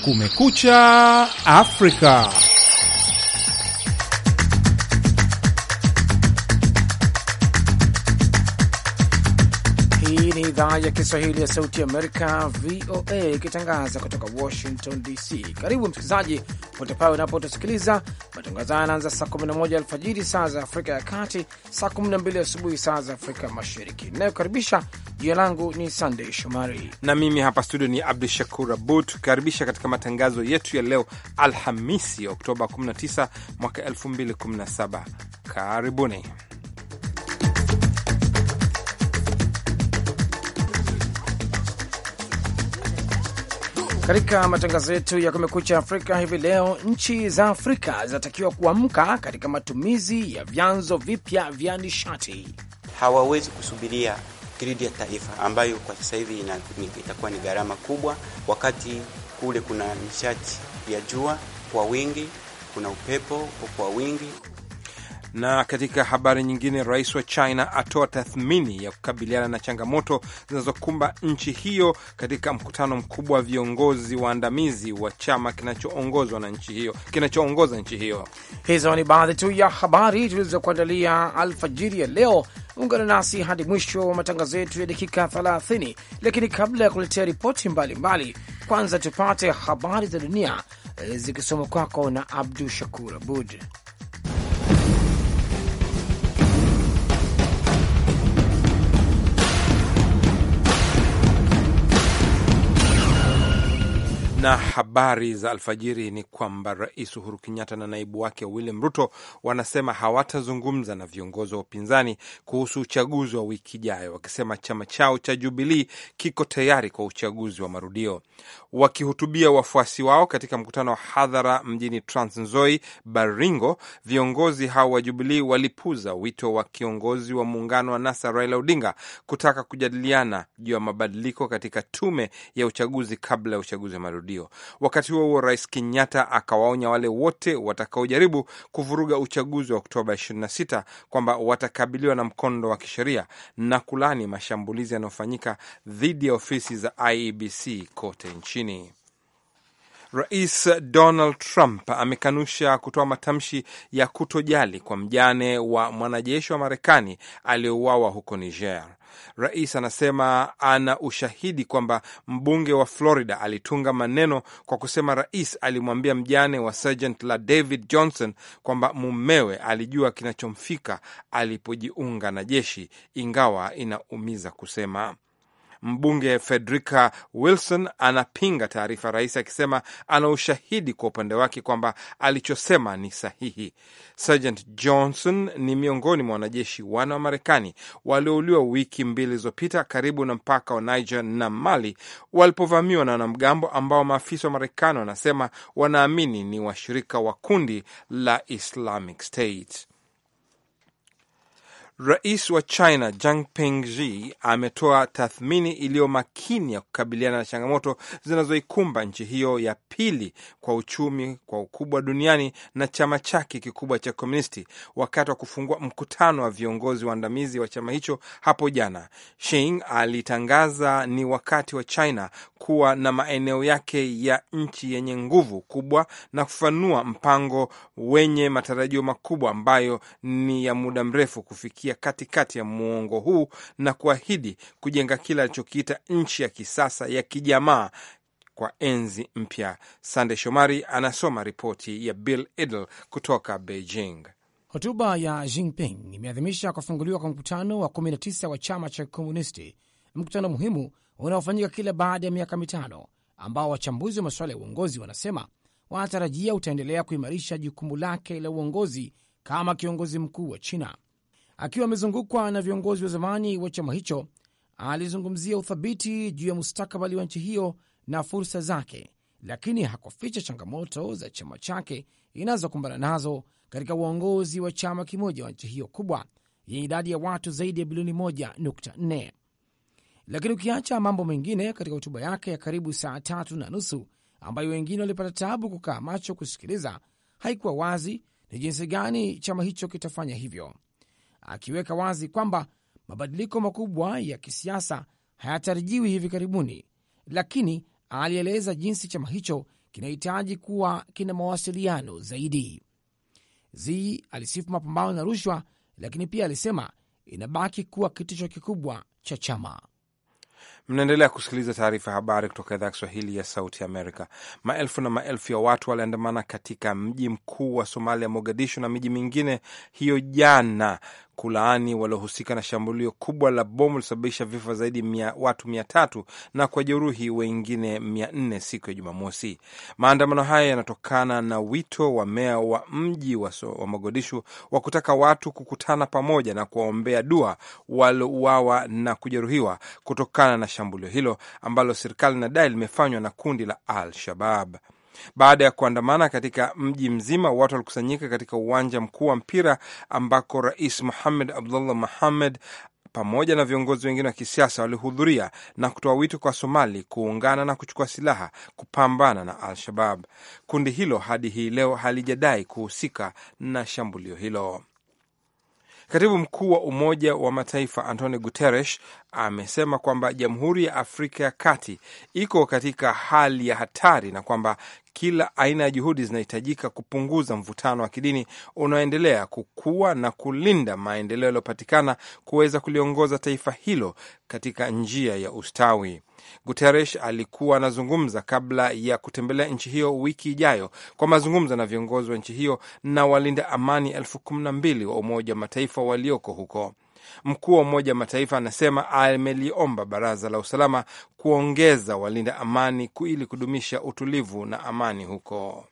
Kumekucha Afrika. idhaa ya Kiswahili ya Sauti Amerika, VOA, ikitangaza kutoka Washington DC. Karibu msikilizaji, pote pale unapotusikiliza. Matangazo haya yanaanza saa 11 alfajiri saa za Afrika ya Kati, saa 12 asubuhi saa za Afrika Mashariki. Inayokaribisha jina langu ni Sandey Shomari na mimi hapa studio ni Abdu Shakur Abud, tukikaribisha katika matangazo yetu ya leo Alhamisi, Oktoba 19 mwaka 2017. Karibuni. Katika matangazo yetu ya Kumekucha Afrika hivi leo, nchi za Afrika zinatakiwa kuamka katika matumizi ya vyanzo vipya vya nishati. Hawawezi kusubiria gridi ya taifa ambayo kwa sasa hivi itakuwa ni gharama kubwa, wakati kule kuna nishati ya jua kwa wingi, kuna upepo kwa wingi. Na katika habari nyingine, rais wa China atoa tathmini ya kukabiliana na changamoto zinazokumba nchi hiyo katika mkutano mkubwa wa viongozi waandamizi wa chama kinachoongozwa na nchi hiyo kinachoongoza nchi hiyo. Hizo ni baadhi tu ya habari tulizokuandalia alfajiri ya leo. Ungana nasi hadi mwisho wa matangazo yetu ya dakika 30, lakini kabla ya kuletea ripoti mbalimbali, kwanza tupate habari za dunia eh, zikisoma kwako na Abdu Shakur Abud. Na habari za alfajiri ni kwamba Rais Uhuru Kenyatta na naibu wake William Ruto wanasema hawatazungumza na viongozi wa upinzani kuhusu uchaguzi wa wiki ijayo, wakisema chama chao cha Jubilii kiko tayari kwa uchaguzi wa marudio. Wakihutubia wafuasi wao katika mkutano wa hadhara mjini Trans Nzoi, Baringo, viongozi hao wa Jubilii walipuza wito wa kiongozi wa muungano wa NASA Raila Odinga kutaka kujadiliana juu ya mabadiliko katika tume ya uchaguzi kabla ya uchaguzi wa marudio marudio. Wakati huo huo, Rais Kenyatta akawaonya wale wote watakaojaribu kuvuruga uchaguzi wa Oktoba 26 kwamba watakabiliwa na mkondo wa kisheria na kulani mashambulizi yanayofanyika dhidi ya ofisi za IEBC kote nchini. Rais Donald Trump amekanusha kutoa matamshi ya kutojali kwa mjane wa mwanajeshi wa Marekani aliyeuawa huko Niger. Rais anasema ana ushahidi kwamba mbunge wa Florida alitunga maneno kwa kusema rais alimwambia mjane wa Sergeant la David Johnson kwamba mumewe alijua kinachomfika alipojiunga na jeshi, ingawa inaumiza kusema Mbunge Frederica Wilson anapinga taarifa rais akisema ana ushahidi kwa upande wake kwamba alichosema ni sahihi. Sergeant Johnson ni miongoni mwa wanajeshi wana wa Marekani waliouliwa wiki mbili zilizopita karibu na mpaka wa Niger na Mali walipovamiwa na wanamgambo ambao maafisa wa Marekani wanasema wanaamini ni washirika wa kundi la Islamic State. Rais wa China Jiang Pengji ametoa tathmini iliyo makini ya kukabiliana na changamoto zinazoikumba nchi hiyo ya pili kwa uchumi kwa ukubwa duniani na chama chake kikubwa cha Komunisti wakati wa kufungua mkutano wa viongozi waandamizi wa chama hicho hapo jana. Shing alitangaza ni wakati wa China kuwa na maeneo yake ya nchi yenye nguvu kubwa na kufanua mpango wenye matarajio makubwa ambayo ni ya muda mrefu kufikia katikati ya muongo huu na kuahidi kujenga kile alichokiita nchi ya kisasa ya kijamaa kwa enzi mpya. Sande Shomari anasoma ripoti ya Bill Idle kutoka Beijing. Hotuba ya Jinping imeadhimisha kufunguliwa kwa mkutano wa 19 wa chama cha Kikomunisti, mkutano muhimu unaofanyika kila baada ya miaka mitano ambao wachambuzi wa masuala ya uongozi wanasema wanatarajia utaendelea kuimarisha jukumu lake la uongozi kama kiongozi mkuu wa China. Akiwa amezungukwa na viongozi wa zamani wa chama hicho, alizungumzia uthabiti juu ya mustakabali wa nchi hiyo na fursa zake, lakini hakuficha changamoto za chama chake inazokumbana nazo katika uongozi wa chama kimoja wa nchi hiyo kubwa yenye idadi ya watu zaidi ya bilioni 1.4. Lakini ukiacha mambo mengine katika hotuba yake ya karibu saa tatu na nusu ambayo wengine walipata tabu kukaa macho kusikiliza, haikuwa wazi ni jinsi gani chama hicho kitafanya hivyo, akiweka wazi kwamba mabadiliko makubwa ya kisiasa hayatarajiwi hivi karibuni, lakini alieleza jinsi chama hicho kinahitaji kuwa kina mawasiliano zaidi. Z alisifu mapambano na rushwa, lakini pia alisema inabaki kuwa kitisho kikubwa cha chama. Mnaendelea kusikiliza taarifa ya habari kutoka idhaa ya Kiswahili ya Sauti Amerika. Maelfu na maelfu ya watu waliandamana katika mji mkuu wa Somalia, Mogadishu, na miji mingine hiyo jana kulaani waliohusika na shambulio kubwa la bomu lilisababisha vifo zaidi mia, watu mia tatu na jeruhi wengine mia nne siku ya Jumamosi. Maandamano haya yanatokana na wito wa meya wa mji wa, so, wa Mogadishu wa kutaka watu kukutana pamoja na kuwaombea dua waliouawa na kujeruhiwa kutokana na shambulio hilo ambalo serikali inadai limefanywa na kundi la Al Shabab. Baada ya kuandamana katika mji mzima, watu walikusanyika katika uwanja mkuu wa mpira ambako Rais muhamed Abdullah muhamed pamoja na viongozi wengine wa kisiasa walihudhuria na kutoa wito kwa Somali kuungana na kuchukua silaha kupambana na Al-Shabab. Kundi hilo hadi hii leo halijadai kuhusika na shambulio hilo. Katibu mkuu wa Umoja wa Mataifa Antonio Guterres amesema kwamba Jamhuri ya Afrika ya Kati iko katika hali ya hatari na kwamba kila aina ya juhudi zinahitajika kupunguza mvutano wa kidini unaoendelea kukua na kulinda maendeleo yaliyopatikana kuweza kuliongoza taifa hilo katika njia ya ustawi. Guterres alikuwa anazungumza kabla ya kutembelea nchi hiyo wiki ijayo kwa mazungumzo na viongozi wa nchi hiyo na walinda amani elfu kumi na mbili wa Umoja wa Mataifa walioko huko. Mkuu wa Umoja wa Mataifa anasema ameliomba Baraza la Usalama kuongeza walinda amani ili kudumisha utulivu na amani huko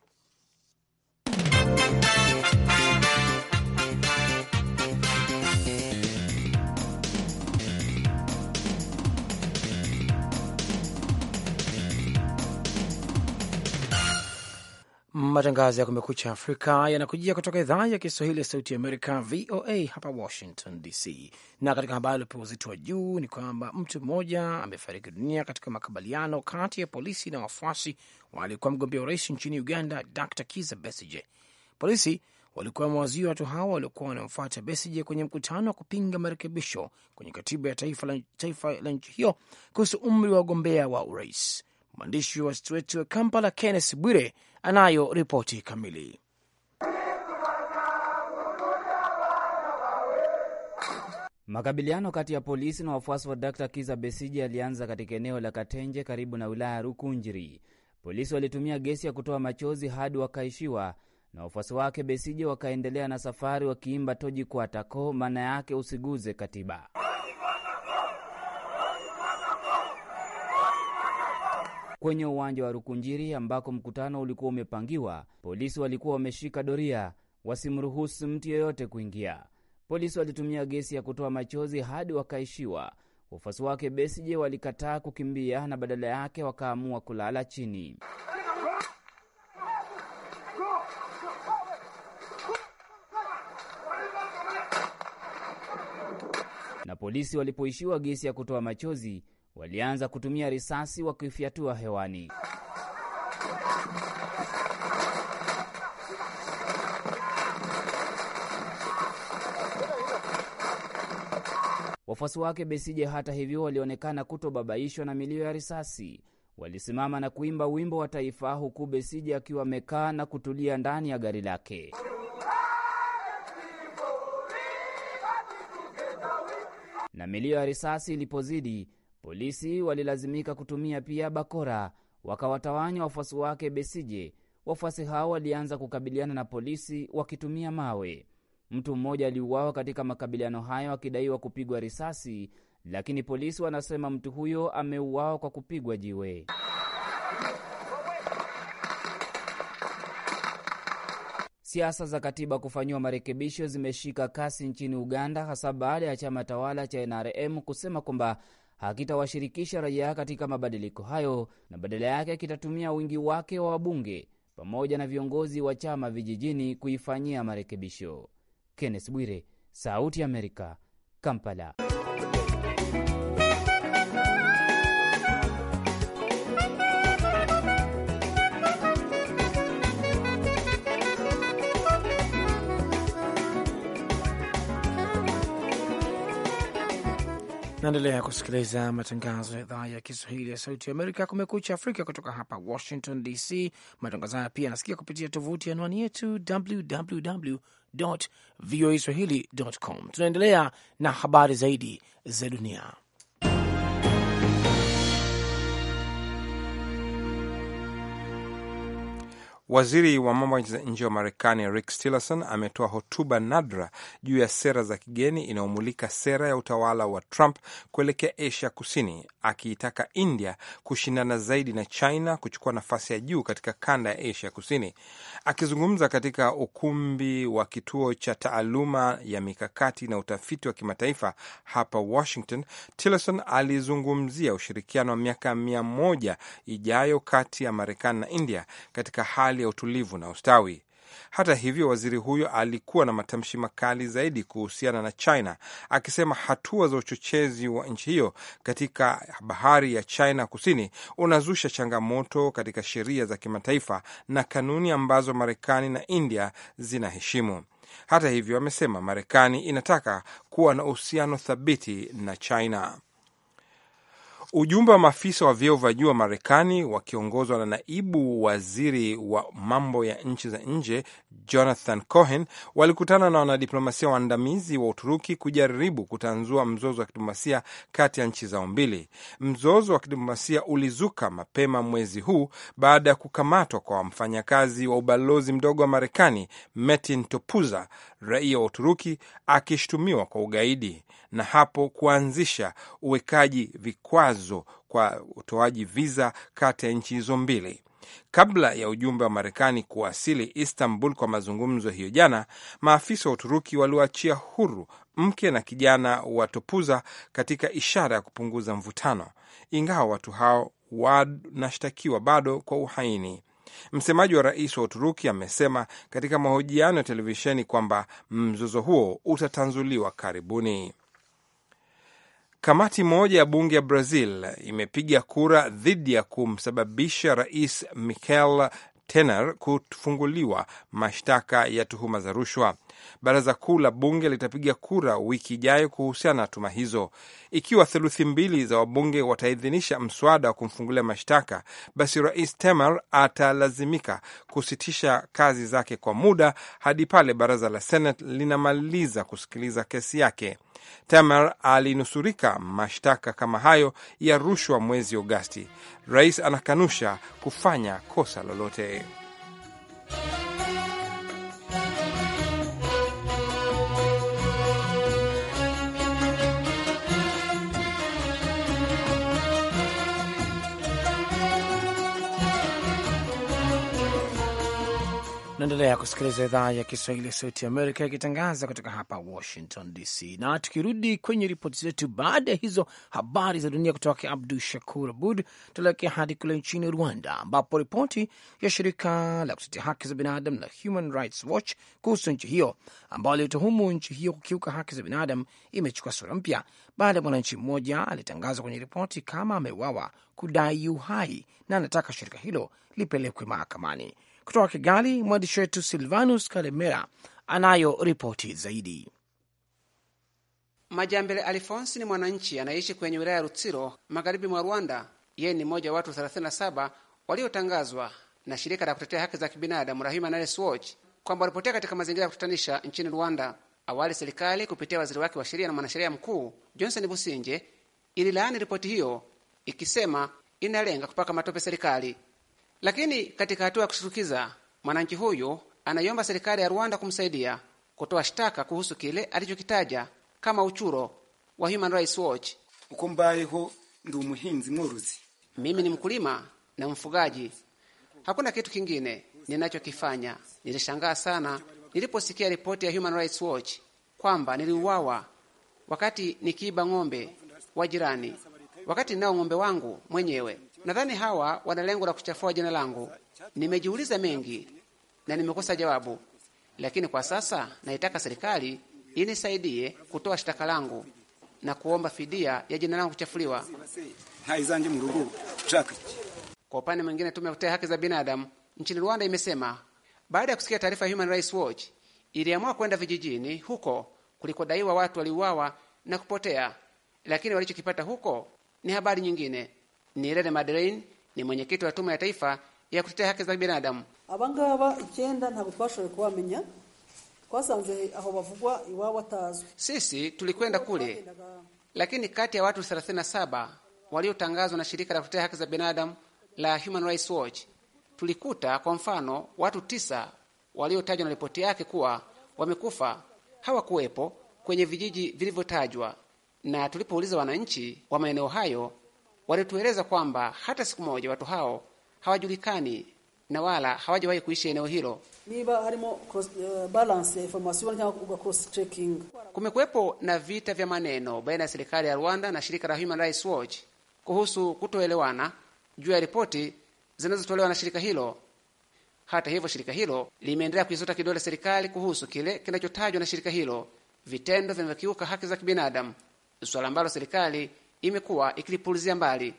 Matangazo ya Kumekucha Afrika yanakujia kutoka idhaa ya Kiswahili ya Sauti Amerika, VOA hapa Washington DC. Na katika habari iliyopewa uzito wa juu ni kwamba mtu mmoja amefariki dunia katika makabaliano kati ya polisi na wafuasi waliokuwa mgombea urais nchini Uganda, Dr Kiza Besige. Polisi walikuwa wamewazuia watu hawa waliokuwa wanamfuata Besige kwenye mkutano wa kupinga marekebisho kwenye katiba ya taifa la, taifa la nchi hiyo kuhusu umri wa wagombea wa urais. Mwandishi wa wetu wa Kampala, Kenneth Bwire anayo ripoti kamili. Makabiliano kati ya polisi na wafuasi wa Dr. Kiza Besije yalianza katika eneo la Katenje karibu na wilaya ya Rukunjiri. Polisi walitumia gesi ya kutoa machozi hadi wakaishiwa, na wafuasi wake Besije wakaendelea na safari wakiimba toji kwa tako, maana yake usiguze katiba. Kwenye uwanja wa Rukunjiri ambako mkutano ulikuwa umepangiwa, polisi walikuwa wameshika doria wasimruhusu mtu yeyote kuingia. Polisi walitumia gesi ya kutoa machozi hadi wakaishiwa. Wafuasi wake Besije walikataa kukimbia na badala yake wakaamua kulala chini. Na polisi walipoishiwa gesi ya kutoa machozi walianza kutumia risasi wakifyatua hewani. Wafuasi wake Besije, hata hivyo, walionekana kutobabaishwa na milio ya risasi. Walisimama na kuimba wimbo wa taifa, huku Besije akiwa amekaa na kutulia ndani ya gari lake. Na milio ya risasi ilipozidi, Polisi walilazimika kutumia pia bakora wakawatawanya wafuasi wake Besije. Wafuasi hao walianza kukabiliana na polisi wakitumia mawe. Mtu mmoja aliuawa katika makabiliano hayo akidaiwa kupigwa risasi, lakini polisi wanasema mtu huyo ameuawa kwa kupigwa jiwe. Siasa za katiba kufanyiwa marekebisho zimeshika kasi nchini Uganda, hasa baada ya chama tawala cha NRM kusema kwamba hakitawashirikisha raia katika mabadiliko hayo na badala yake kitatumia wingi wake wa wabunge pamoja na viongozi wa chama vijijini kuifanyia marekebisho. Kenneth Bwire, Sauti ya Amerika, Kampala. Naendelea kusikiliza matangazo ya idhaa ya Kiswahili ya Sauti ya Amerika, Kumekucha Afrika, kutoka hapa Washington DC. Matangazo haya pia yanasikia kupitia tovuti ya anwani yetu www voa swahili com. Tunaendelea na habari zaidi za dunia. Waziri wa mambo ya nje wa Marekani Rick Tillerson ametoa hotuba nadra juu ya sera za kigeni inayomulika sera ya utawala wa Trump kuelekea Asia Kusini, akiitaka India kushindana zaidi na China kuchukua nafasi ya juu katika kanda ya Asia Kusini. Akizungumza katika ukumbi wa kituo cha taaluma ya mikakati na utafiti wa kimataifa hapa Washington, Tillerson alizungumzia ushirikiano wa miaka mia moja ijayo kati ya Marekani na India katika hali hali ya utulivu na ustawi. Hata hivyo, waziri huyo alikuwa na matamshi makali zaidi kuhusiana na China, akisema hatua za uchochezi wa nchi hiyo katika bahari ya China kusini unazusha changamoto katika sheria za kimataifa na kanuni ambazo Marekani na India zinaheshimu. Hata hivyo, amesema Marekani inataka kuwa na uhusiano thabiti na China. Ujumbe wa maafisa wa vyeo vya juu wa Marekani wakiongozwa na naibu waziri wa mambo ya nchi za nje Jonathan Cohen walikutana na wanadiplomasia waandamizi wa Uturuki kujaribu kutanzua mzozo wa kidiplomasia kati ya nchi zao mbili. Mzozo wa kidiplomasia ulizuka mapema mwezi huu baada ya kukamatwa kwa mfanyakazi wa ubalozi mdogo wa Marekani Metin Topuza, raia wa Uturuki, akishutumiwa kwa ugaidi na hapo kuanzisha uwekaji vikwazo vikwazo kwa utoaji viza kati ya nchi hizo mbili. Kabla ya ujumbe wa Marekani kuwasili Istanbul kwa mazungumzo hiyo jana, maafisa wa Uturuki walioachia huru mke na kijana watopuza katika ishara ya kupunguza mvutano, ingawa watu hao wanashtakiwa bado kwa uhaini. Msemaji wa rais wa Uturuki amesema katika mahojiano ya televisheni kwamba mzozo huo utatanzuliwa karibuni. Kamati moja ya bunge ya Brazil imepiga kura dhidi ya kumsababisha rais Michel Temer kufunguliwa mashtaka ya tuhuma za rushwa. Baraza kuu la bunge litapiga kura wiki ijayo kuhusiana na tuma hizo. Ikiwa theluthi mbili za wabunge wataidhinisha mswada wa kumfungulia mashtaka, basi rais Temer atalazimika kusitisha kazi zake kwa muda hadi pale baraza la Senate linamaliza kusikiliza kesi yake tamer alinusurika mashtaka kama hayo ya rushwa mwezi Agosti. Rais anakanusha kufanya kosa lolote. Naendelea kusikiliza idhaa ya Kiswahili ya Sauti Amerika ikitangaza kutoka hapa Washington DC. Na tukirudi kwenye ripoti zetu, baada ya hizo habari za dunia kutoka Abdu Shakur Abud, tuelekea hadi kule nchini Rwanda, ambapo ripoti ya shirika la kutetea haki za binadam la Human Rights Watch kuhusu nchi hiyo, ambayo alituhumu nchi hiyo kukiuka haki za binadam imechukua sura mpya baada ya mwananchi mmoja alitangazwa kwenye ripoti kama ameuawa kudai uhai, na anataka shirika hilo lipelekwe mahakamani. Kutoka Kigali, mwandishi wetu Silvanus Kalemera anayo ripoti zaidi. Majambele Alfonsi ni mwananchi anayeishi kwenye wilaya ya Rutsiro, magharibi mwa Rwanda. Yeye ni mmoja wa watu 37 waliotangazwa na shirika la kutetea haki za kibinadamu la Human Rights Watch kwamba walipotea katika mazingira ya kutatanisha nchini Rwanda. Awali serikali kupitia waziri wake wa sheria na mwanasheria mkuu Johnson Businje ililaani ripoti hiyo ikisema inalenga kupaka matope serikali. Lakini katika hatua ya kushtukiza, mwananchi huyu anaiomba serikali ya Rwanda kumsaidia kutoa shtaka kuhusu kile alichokitaja kama uchuro wa Human Rights Watch. ukombayeho ndi umuhinzi mworozi, mimi ni mkulima na mfugaji, hakuna kitu kingine ninachokifanya. Nilishangaa sana niliposikia ripoti ya Human Rights Watch kwamba niliuawa wakati nikiiba ng'ombe wa jirani, wakati ninao ng'ombe wangu mwenyewe. Nadhani hawa wana lengo la kuchafua jina langu. Nimejiuliza mengi na nimekosa jawabu, lakini kwa sasa naitaka serikali inisaidie kutoa shtaka langu na kuomba fidia ya jina langu kuchafuliwa. Kwa upande mwingine, tume ya kutetea haki za binadamu nchini Rwanda imesema baada ya kusikia taarifa ya Human Rights Watch iliamua kwenda vijijini huko kulikodaiwa watu waliuawa na kupotea, lakini walichokipata huko ni habari nyingine ni Irene ni mwenyekiti wa tume ya taifa ya kutetea haki za binadamu. abangaba icyenda ntabwo twashoboye kubamenya twasanze aho bavugwa iwabo batazwi. Sisi tulikwenda kule, lakini kati ya watu 37 waliotangazwa na shirika la kutetea haki za binadamu la Human Rights Watch tulikuta kwa mfano watu tisa waliotajwa na ripoti yake kuwa wamekufa hawakuwepo kwenye vijiji vilivyotajwa, na tulipouliza wananchi wa maeneo hayo walitueleza kwamba hata siku moja watu hao hawajulikani na wala hawajawahi kuishi eneo hilo. Eh, Kumekuwepo na vita vya maneno baina ya serikali ya Rwanda na shirika la Human Rights Watch kuhusu kutoelewana juu ya ripoti zinazotolewa na shirika hilo. Hata hivyo, shirika hilo limeendelea kuisota kidole serikali kuhusu kile kinachotajwa na shirika hilo, vitendo vinavyokiuka haki za kibinadamu, suala ambalo serikali imekuwa ikilipulizia mbali.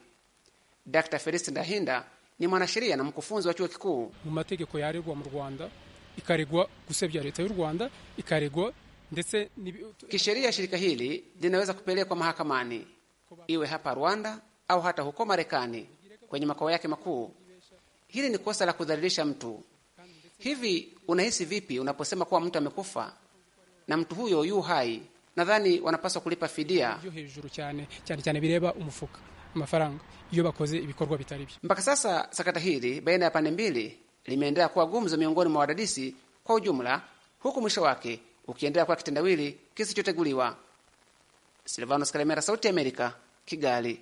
Dr Felix Ndahinda ni mwanasheria na mkufunzi wa chuo kikuu. mu mategeko yaregwa mu Rwanda ikaregwa gusebya leta y'u Rwanda ikaregwa ndetse kisheria, shirika hili linaweza kupelekwa mahakamani iwe hapa Rwanda au hata huko Marekani kwenye makao yake makuu. Hili ni kosa la kudhalilisha mtu. Hivi unahisi vipi unaposema kuwa mtu amekufa na mtu huyo yu hai nadhani wanapaswa kulipa fidia yo hejuru cyane cyane cyane bireba umufuka amafaranga iyo bakoze ibikorwa bitari byo. Mpaka sasa sakata hili baina ya pande mbili limeendelea kuwa gumzo miongoni mwa wadadisi kwa ujumla, huku mwisho wake ukiendelea kuwa kitendawili kisichoteguliwa. Silvanos Kalemera, Sauti ya Amerika, Kigali.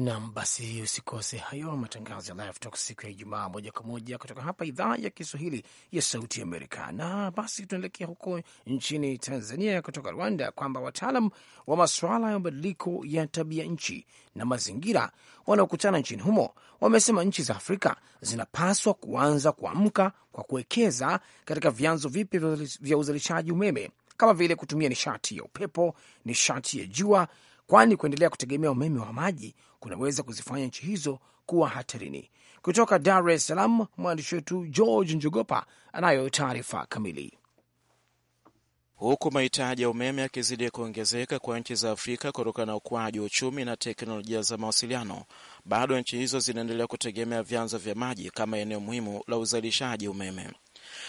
Nam, basi usikose hayo matangazo ya Live Talk siku ya Ijumaa moja kwa moja kutoka hapa idhaa ya Kiswahili ya Sauti ya Amerika. Na basi tunaelekea huko nchini Tanzania kutoka Rwanda, kwamba wataalam wa masuala ya mabadiliko ya tabia nchi na mazingira wanaokutana nchini humo wamesema nchi za Afrika zinapaswa kuanza kuamka kwa kuwekeza katika vyanzo vipya vya uzalishaji umeme kama vile kutumia nishati ya upepo, nishati ya jua kwani kuendelea kutegemea umeme wa maji kunaweza kuzifanya nchi hizo kuwa hatarini. Kutoka Dar es Salaam, mwandishi wetu George Njogopa anayo taarifa kamili. Huku mahitaji ya umeme yakizidi kuongezeka kwa nchi za Afrika kutokana na ukuaji wa uchumi na teknolojia za mawasiliano, bado nchi hizo zinaendelea kutegemea vyanzo vya maji kama eneo muhimu la uzalishaji umeme.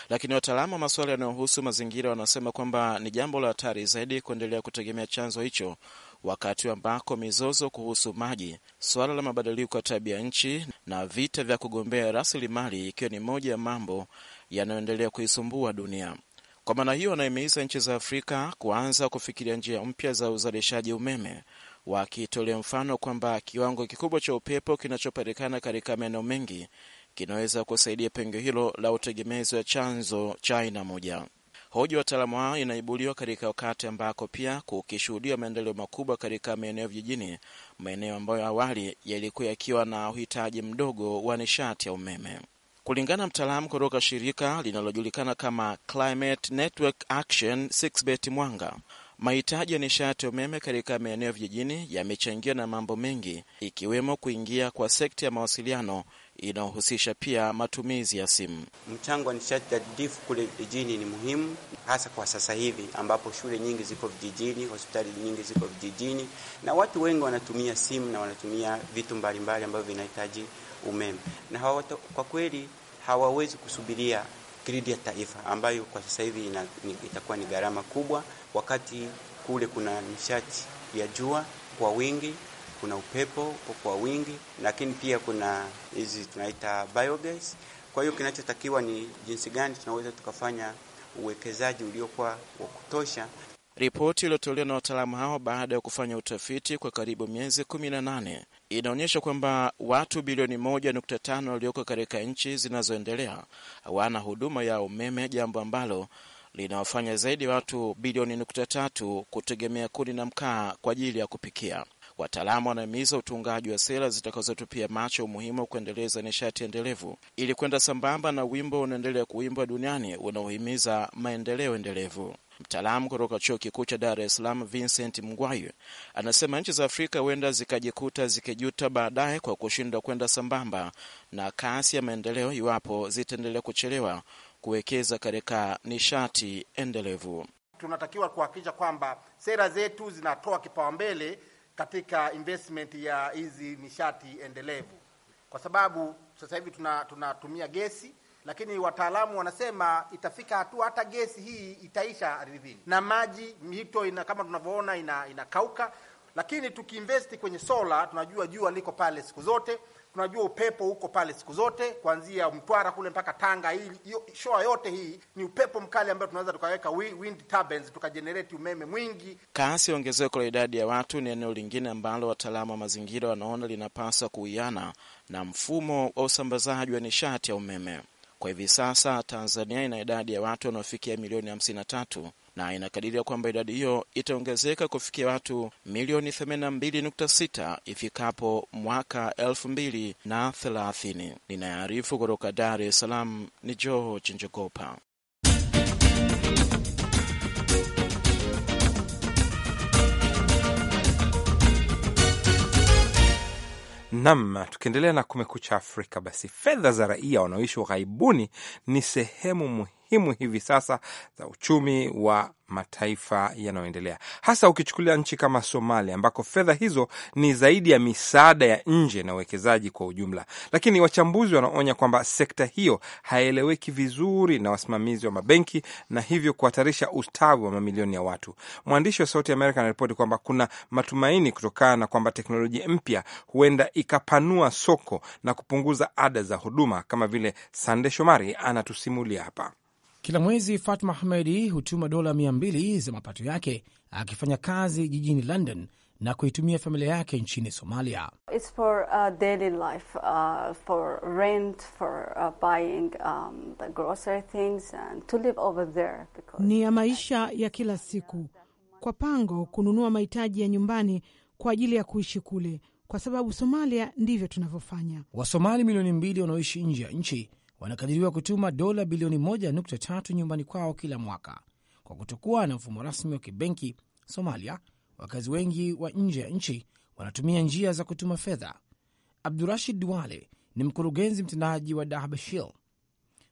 Lakini wataalamu wa masuala yanayohusu mazingira wanasema kwamba ni jambo la hatari zaidi kuendelea kutegemea chanzo hicho wakati ambako mizozo kuhusu maji, suala la mabadiliko ya tabia nchi na vita vya kugombea rasilimali ikiwa ni moja ya mambo yanayoendelea kuisumbua dunia. Kwa maana hiyo, anaimeiza nchi za Afrika kuanza kufikiria njia mpya za uzalishaji umeme, wakitolea mfano kwamba kiwango kikubwa cha upepo kinachopatikana katika maeneo mengi kinaweza kusaidia pengo hilo la utegemezi wa chanzo cha aina moja. Hoja wataalamu hao inaibuliwa katika wakati ambako pia kukishuhudiwa maendeleo makubwa katika maeneo vijijini, maeneo ambayo awali yalikuwa yakiwa na uhitaji mdogo wa nishati ya umeme. Kulingana mtaalamu kutoka shirika linalojulikana kama Climate Network Action, Sixbet Mwanga, mahitaji ya nishati ya umeme katika maeneo vijijini yamechangiwa na mambo mengi, ikiwemo kuingia kwa sekta ya mawasiliano inayohusisha pia matumizi ya simu. Mchango wa nishati jadidifu kule vijijini ni muhimu, hasa kwa sasa hivi ambapo shule nyingi ziko vijijini, hospitali nyingi ziko vijijini, na watu wengi wanatumia simu na wanatumia vitu mbalimbali ambavyo vinahitaji umeme, na hawato, kwa kweli hawawezi kusubiria gridi ya taifa ambayo kwa sasa hivi itakuwa ni gharama kubwa, wakati kule kuna nishati ya jua kwa wingi kuna upepo upo kwa wingi, lakini pia kuna hizi tunaita biogas. Kwa hiyo kinachotakiwa ni jinsi gani tunaweza tukafanya uwekezaji uliokuwa wa kutosha. Ripoti iliyotolewa na wataalamu hao baada ya kufanya utafiti kwa karibu miezi 18 inaonyesha kwamba watu bilioni 1.5 walioko katika nchi zinazoendelea hawana huduma ya umeme, jambo ambalo linawafanya zaidi watu bilioni 3 kutegemea kuni na mkaa kwa ajili ya kupikia. Wataalamu wanahimiza utungaji wa sera zitakazotupia macho umuhimu wa kuendeleza nishati endelevu ili kwenda sambamba na wimbo unaendelea kuimbwa duniani unaohimiza maendeleo endelevu. Mtaalamu kutoka chuo kikuu cha Dar es Salaam, Vincent Mgwayu, anasema nchi za Afrika huenda zikajikuta zikijuta baadaye kwa kushindwa kwenda sambamba na kasi ya maendeleo iwapo zitaendelea kuchelewa kuwekeza katika nishati endelevu. Tunatakiwa kuhakikisha kwamba sera zetu zinatoa kipaumbele katika investment ya hizi nishati endelevu, kwa sababu sasa hivi tuna tunatumia gesi, lakini wataalamu wanasema itafika hatua hata gesi hii itaisha ardhini na maji, mito ina kama tunavyoona inakauka ina, lakini tukiinvesti kwenye sola, tunajua jua liko pale siku zote Tunajua upepo huko pale siku zote, kuanzia Mtwara kule mpaka Tanga. Hii shoa yote hii ni upepo mkali ambayo tunaweza tukaweka wind turbines tukajenereti umeme mwingi. Kasi ya ongezeko la idadi ya watu ni eneo lingine ambalo wataalamu wa mazingira wanaona linapaswa kuiana na mfumo wa usambazaji wa nishati ya umeme. Kwa hivi sasa Tanzania ina idadi ya watu wanaofikia milioni tatu na inakadiria kwamba idadi hiyo itaongezeka kufikia watu milioni 82.6 ifikapo mwaka 2030. ninayarifu kutoka Dar es Salaam ni Joho Chinjogopa. Nam, tukiendelea na Kumekucha Afrika, basi fedha za raia wanaoishi ughaibuni ni sehemu muhimu muhimu hivi sasa za uchumi wa mataifa yanayoendelea, hasa ukichukulia nchi kama Somalia ambako fedha hizo ni zaidi ya misaada ya nje na uwekezaji kwa ujumla. Lakini wachambuzi wanaonya kwamba sekta hiyo haieleweki vizuri na wasimamizi wa mabenki na hivyo kuhatarisha ustawi wa mamilioni ya watu. Mwandishi wa Sauti ya Amerika anaripoti kwamba kuna matumaini kutokana na kwamba teknolojia mpya huenda ikapanua soko na kupunguza ada za huduma, kama vile Sande Shomari anatusimulia hapa. Kila mwezi Fatma Hamedi hutuma dola 200 za mapato yake akifanya kazi jijini London na kuitumia familia yake nchini Somalia. Ni ya maisha ya kila siku, kwa pango kununua mahitaji ya nyumbani kwa ajili ya kuishi kule, kwa sababu Somalia ndivyo tunavyofanya. Wasomali milioni mbili wanaoishi nje ya nchi wanakadiriwa kutuma dola bilioni 1.3 nyumbani kwao kila mwaka. Kwa kutokuwa na mfumo rasmi wa kibenki Somalia, wakazi wengi wa nje ya nchi wanatumia njia za kutuma fedha. Abdurashid Duale ni mkurugenzi mtendaji wa Dahabeshil,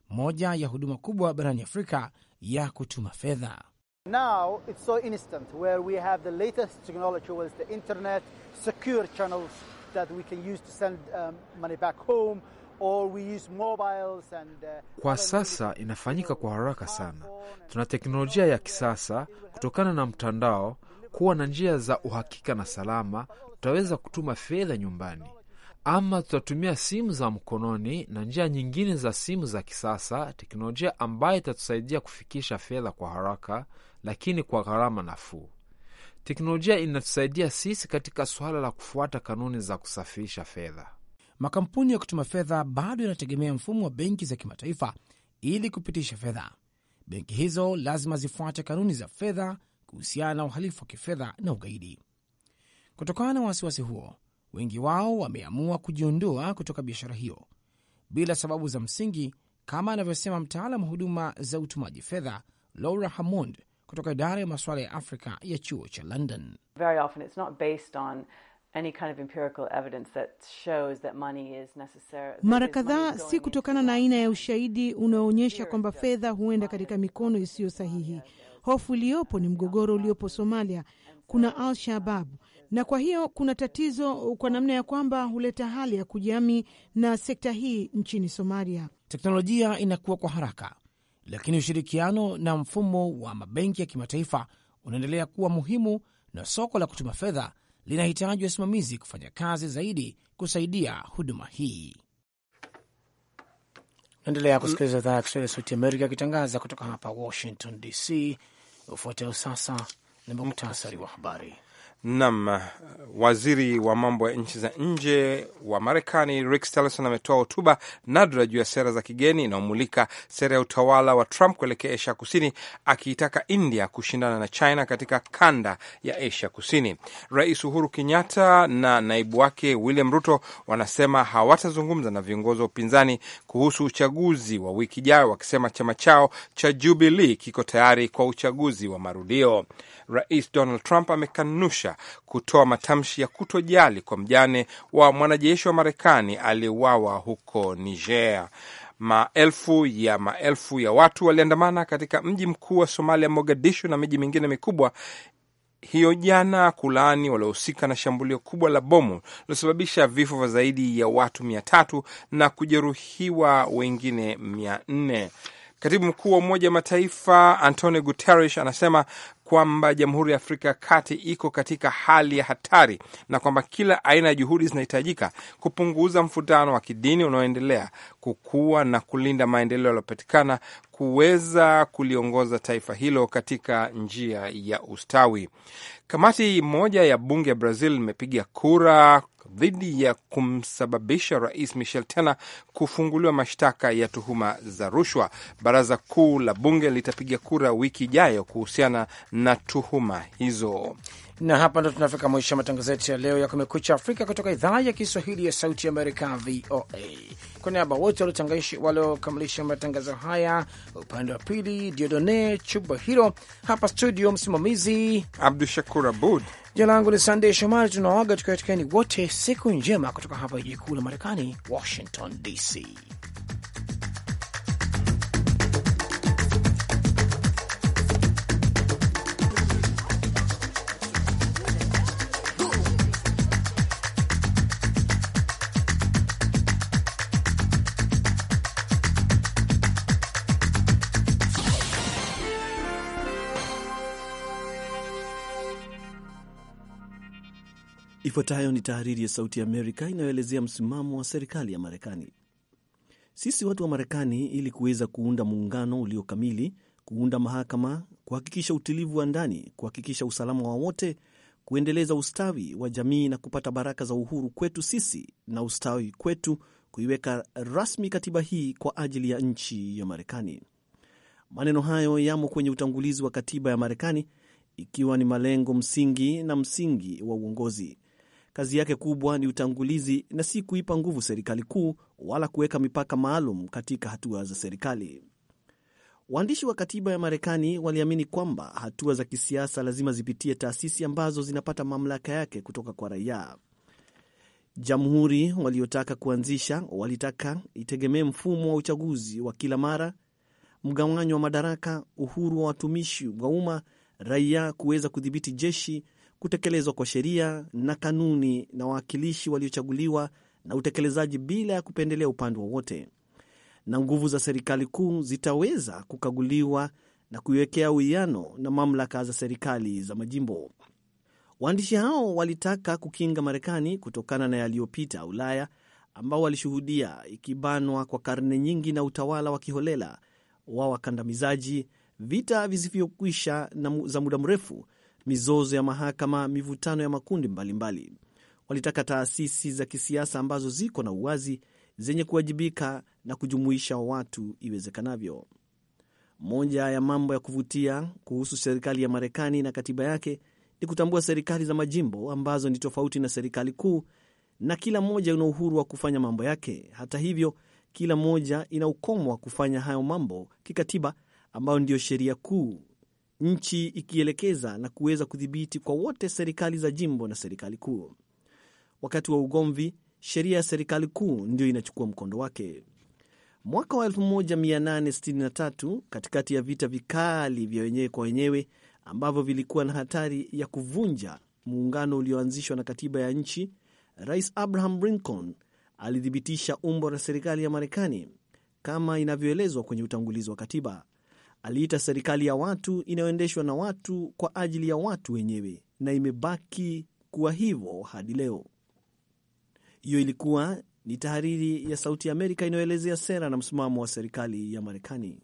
moja ya huduma kubwa barani Afrika ya kutuma fedha. Now, it's so instant, where we have the latest technology the internet, secure channels that we can use to send um, money back home, Uh, kwa sasa inafanyika kwa haraka sana. Tuna teknolojia ya kisasa kutokana na mtandao. Kuwa na njia za uhakika na salama, tutaweza kutuma fedha nyumbani, ama tutatumia simu za mkononi na njia nyingine za simu za kisasa, teknolojia ambayo itatusaidia kufikisha fedha kwa haraka, lakini kwa gharama nafuu. Teknolojia inatusaidia sisi katika suala la kufuata kanuni za kusafirisha fedha makampuni ya kutuma fedha bado yanategemea mfumo wa benki za kimataifa ili kupitisha fedha. Benki hizo lazima zifuate kanuni za fedha kuhusiana na uhalifu wa kifedha na ugaidi. Kutokana na wasiwasi huo, wengi wao wameamua kujiondoa kutoka biashara hiyo bila sababu za msingi, kama anavyosema mtaalam huduma za utumaji fedha Laura Hammond kutoka idara ya masuala ya Afrika ya chuo cha London. Very often it's not based on mara kadhaa si kutokana na aina ya ushahidi unaoonyesha kwamba fedha huenda katika mikono isiyo sahihi. Hofu iliyopo ni mgogoro uliopo Somalia, kuna Al shababu na kwa hiyo kuna tatizo kwa namna ya kwamba huleta hali ya kujami na sekta hii nchini Somalia. Teknolojia inakuwa kwa haraka, lakini ushirikiano na mfumo wa mabenki ya kimataifa unaendelea kuwa muhimu na soko la kutuma fedha linahitaji wasimamizi kufanya kazi zaidi kusaidia huduma hii. Naendelea kusikiliza mm. idhaa ya Kiswahili ya Sauti Amerika ikitangaza kutoka hapa Washington DC. Ufuatao sasa ni muktasari wa habari. Nam, waziri wa mambo ya nchi za nje wa Marekani Rex Tillerson ametoa hotuba nadra juu ya sera za kigeni inayomulika sera ya utawala wa Trump kuelekea Asia Kusini, akiitaka India kushindana na China katika kanda ya Asia Kusini. Rais Uhuru Kenyatta na naibu wake William Ruto wanasema hawatazungumza na viongozi wa upinzani kuhusu uchaguzi wa wiki ijayo, wakisema chama chao cha Jubilee kiko tayari kwa uchaguzi wa marudio. Rais Donald Trump amekanusha Russia kutoa matamshi ya kutojali kwa mjane wa mwanajeshi wa Marekani aliyeuawa huko Niger. Maelfu ya maelfu ya watu waliandamana katika mji mkuu wa Somalia, Mogadishu, na miji mingine mikubwa hiyo jana kulaani waliohusika na shambulio kubwa la bomu lilosababisha vifo vya zaidi ya watu mia tatu na kujeruhiwa wengine mia nne. Katibu mkuu wa Umoja wa Mataifa Antonio Guterres anasema kwamba Jamhuri ya Afrika ya Kati iko katika hali ya hatari na kwamba kila aina ya juhudi zinahitajika kupunguza mvutano wa kidini unaoendelea kukua na kulinda maendeleo yaliyopatikana kuweza kuliongoza taifa hilo katika njia ya ustawi. Kamati moja ya bunge ya Brazil imepiga kura dhidi ya kumsababisha rais Michel Temer kufunguliwa mashtaka ya tuhuma za rushwa. Baraza kuu la bunge litapiga kura wiki ijayo kuhusiana na tuhuma hizo na hapa ndo tunafika mwisho matangazo yetu ya leo ya Kumekucha Afrika kutoka idhaa ya Kiswahili ya Sauti Amerika, VOA. Kwa niaba wote waliokamilisha matangazo haya, upande wa pili Diodone Chuba Hiro, hapa studio msimamizi Abdu Shakur Abud, jina langu ni Sandey Shomari. Tunawaaga tukiwatakieni wote siku njema kutoka hapa jiji kuu la Marekani, Washington DC. Ifuatayo ni tahariri ya Sauti ya Amerika inayoelezea msimamo wa serikali ya Marekani. Sisi watu wa Marekani, ili kuweza kuunda muungano ulio kamili, kuunda mahakama, kuhakikisha utulivu wa ndani, kuhakikisha usalama wa wote, kuendeleza ustawi wa jamii na kupata baraka za uhuru kwetu sisi na ustawi kwetu, kuiweka rasmi katiba hii kwa ajili ya nchi ya Marekani. Maneno hayo yamo kwenye utangulizi wa katiba ya Marekani, ikiwa ni malengo msingi na msingi wa uongozi kazi yake kubwa ni utangulizi na si kuipa nguvu serikali kuu wala kuweka mipaka maalum katika hatua za serikali. Waandishi wa katiba ya Marekani waliamini kwamba hatua za kisiasa lazima zipitie taasisi ambazo zinapata mamlaka yake kutoka kwa raia. Jamhuri waliotaka kuanzisha walitaka itegemee mfumo wa uchaguzi wa kila mara, mgawanyo wa madaraka, uhuru wa watumishi wa umma, raia kuweza kudhibiti jeshi kutekelezwa kwa sheria na kanuni na wawakilishi waliochaguliwa na utekelezaji bila ya kupendelea upande wowote, na nguvu za serikali kuu zitaweza kukaguliwa na kuiwekea uwiano na mamlaka za serikali za majimbo. Waandishi hao walitaka kukinga Marekani kutokana na yaliyopita Ulaya, ambao walishuhudia ikibanwa kwa karne nyingi na utawala wa kiholela wa wakandamizaji, vita visivyokwisha za muda mrefu mizozo ya mahakama, mivutano ya makundi mbalimbali mbali. Walitaka taasisi za kisiasa ambazo ziko na uwazi, zenye kuwajibika na kujumuisha watu iwezekanavyo. Moja ya mambo ya kuvutia kuhusu serikali ya Marekani na katiba yake ni kutambua serikali za majimbo ambazo ni tofauti na serikali kuu, na kila moja ina uhuru wa kufanya mambo yake. Hata hivyo, kila moja ina ukomo wa kufanya hayo mambo kikatiba, ambayo ndiyo sheria kuu nchi ikielekeza na kuweza kudhibiti kwa wote serikali za jimbo na serikali kuu. Wakati wa ugomvi, sheria ya serikali kuu ndio inachukua mkondo wake. Mwaka wa 1863 katikati ya vita vikali vya wenyewe kwa wenyewe ambavyo vilikuwa na hatari ya kuvunja muungano ulioanzishwa na katiba ya nchi, Rais Abraham Lincoln alithibitisha umbo la serikali ya Marekani kama inavyoelezwa kwenye utangulizi wa katiba. Aliita serikali ya watu inayoendeshwa na watu kwa ajili ya watu wenyewe, na imebaki kuwa hivyo hadi leo. Hiyo ilikuwa ni tahariri ya Sauti ya Amerika inayoelezea sera na msimamo wa serikali ya Marekani.